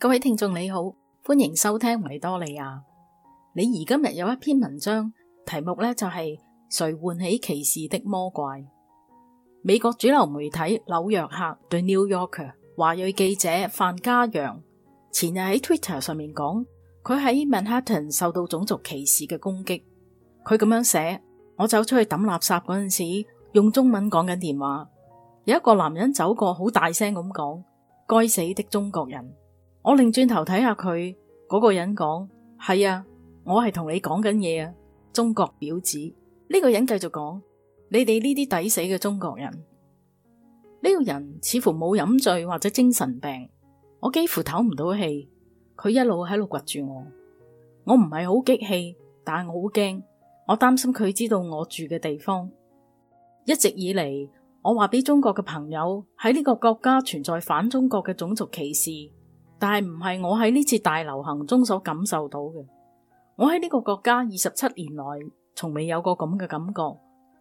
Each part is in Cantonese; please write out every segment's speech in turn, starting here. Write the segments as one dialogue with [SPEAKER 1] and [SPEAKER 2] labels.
[SPEAKER 1] 各位聽眾你好，歡迎收聽維多利亞。你而今日有一篇文章，題目呢、就是，就係誰喚起歧視的魔怪？美國主流媒體紐約客 The New Yorker 華裔記者范嘉揚前日喺 Twitter 上面講，佢喺 Manhattan 受到種族歧視嘅攻擊。佢咁樣寫：我走出去抌垃圾嗰陣時，用中文講緊電話，有一個男人走過聲，好大聲咁講：該死的中國人！我擰轉頭睇下佢，嗰個人講，係啊，我係同你講緊嘢啊，中國婊子。呢個人繼續講，你哋呢啲抵死嘅中國人。呢個人似乎冇飲醉或者精神病，我幾乎唞唔到氣。佢一路喺度掘住我，我唔係好激氣，但係我好驚，我擔心佢知道我住嘅地方。一直以嚟，我話俾中國嘅朋友喺呢個國家存在反中國嘅種族歧視。但係唔係我喺呢次大流行中所感受到嘅，我喺呢個國家二十七年來，從未有過咁嘅感覺。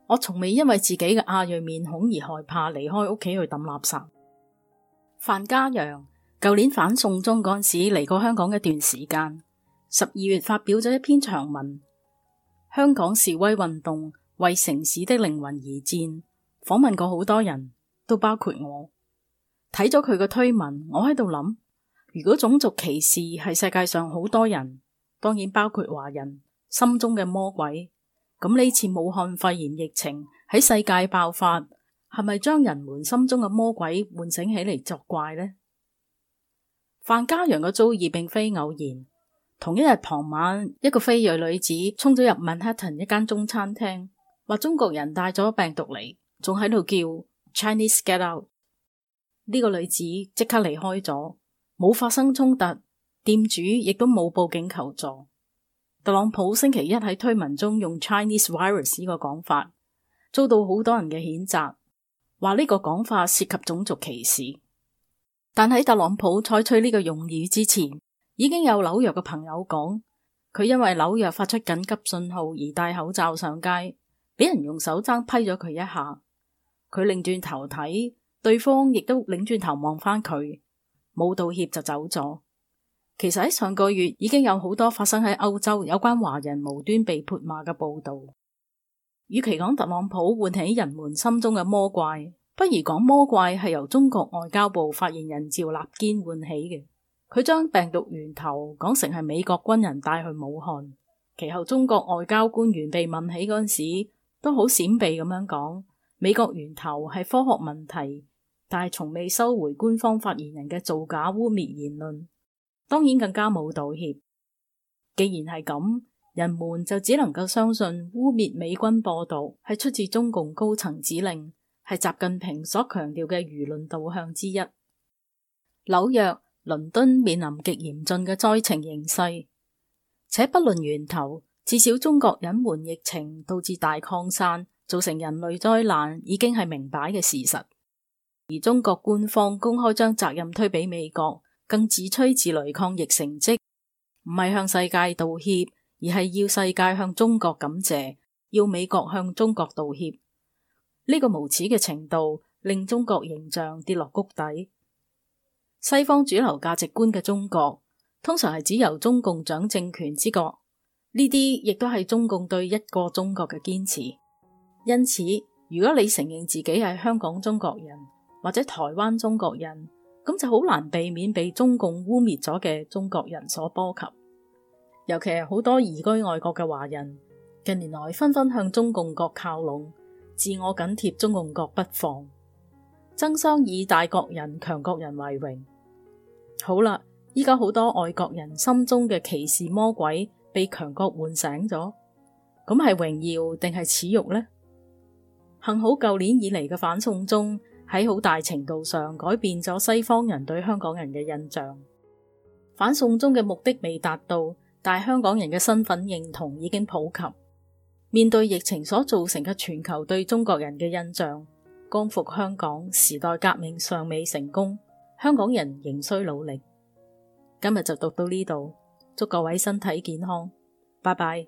[SPEAKER 1] 我從未因為自己嘅亞裔面孔而害怕離開屋企去揼垃圾。范嘉揚舊年反送中嗰陣時嚟過香港一段時間，十二月發表咗一篇長文《香港示威運動為城市的靈魂而戰》，訪問過好多人都包括我。睇咗佢嘅推文，我喺度諗。如果種族歧視係世界上好多人，當然包括華人心中嘅魔鬼，咁呢次武漢肺炎疫情喺世界爆發，係咪將人們心中嘅魔鬼喚醒起嚟，作怪呢？范嘉陽嘅遭遇並非偶然。同一日傍晚，一個非裔女子衝咗入曼哈頓一間中餐廳，話中國人帶咗病毒嚟，仲喺度叫 Chinese get out。呢、這個女子即刻離開咗。冇發生衝突，店主亦都冇報警求助。特朗普星期一喺推文中用 Chinese virus 呢個講法，遭到好多人嘅譴責，話呢個講法涉及種族歧視。但喺特朗普採取呢個用語之前，已經有紐約嘅朋友講，佢因為紐約發出緊急信號而戴口罩上街，俾人用手踭批咗佢一下，佢擰轉頭睇，對方亦都擰轉頭望翻佢。冇道歉就走咗。其實喺上個月已經有好多發生喺歐洲有關華人無端被潑罵嘅報道。與其講特朗普喚起人們心中嘅魔怪，不如講魔怪係由中國外交部發言人趙立堅喚起嘅。佢將病毒源頭講成係美國軍人帶去武漢，其後中國外交官員被問起嗰陣時，都好閃避咁樣講美國源頭係科學問題。但係，從未收回官方發言人嘅造假污衊言論，當然更加冇道歉。既然係咁，人們就只能夠相信污衊美軍報道係出自中共高層指令，係習近平所強調嘅輿論導向之一。紐約、倫敦面臨極嚴峻嘅災情形勢，且不論源頭，至少中國隱瞞疫情導致大擴散，造成人類災難，已經係明擺嘅事實。而中國官方公開將責任推俾美國，更自吹自擂抗疫成績，唔係向世界道歉，而係要世界向中國感謝，要美國向中國道歉。呢個無恥嘅程度，令中國形象跌落谷底。西方主流價值觀嘅中國，通常係指由中共掌政權之國，呢啲亦都係中共對一個中國嘅堅持。因此，如果你承認自己係香港中國人，或者台灣中國人，咁就好難避免被中共污蔑咗嘅中國人所波及，尤其係好多移居外國嘅華人，近年來紛紛向中共國靠攏，自我緊貼中共國不放，爭相以大國人、強國人為榮。好啦，依家好多外國人心中嘅歧視魔鬼被強國喚醒咗，咁係榮耀定係恥辱呢？幸好舊年以嚟嘅反送中。喺好大程度上改變咗西方人對香港人嘅印象。反送中嘅目的未達到，但香港人嘅身份認同已經普及。面對疫情所造成嘅全球對中國人嘅印象，光復香港，時代革命尚未成功，香港人仍需努力。今日就讀到呢度，祝各位身體健康，拜拜。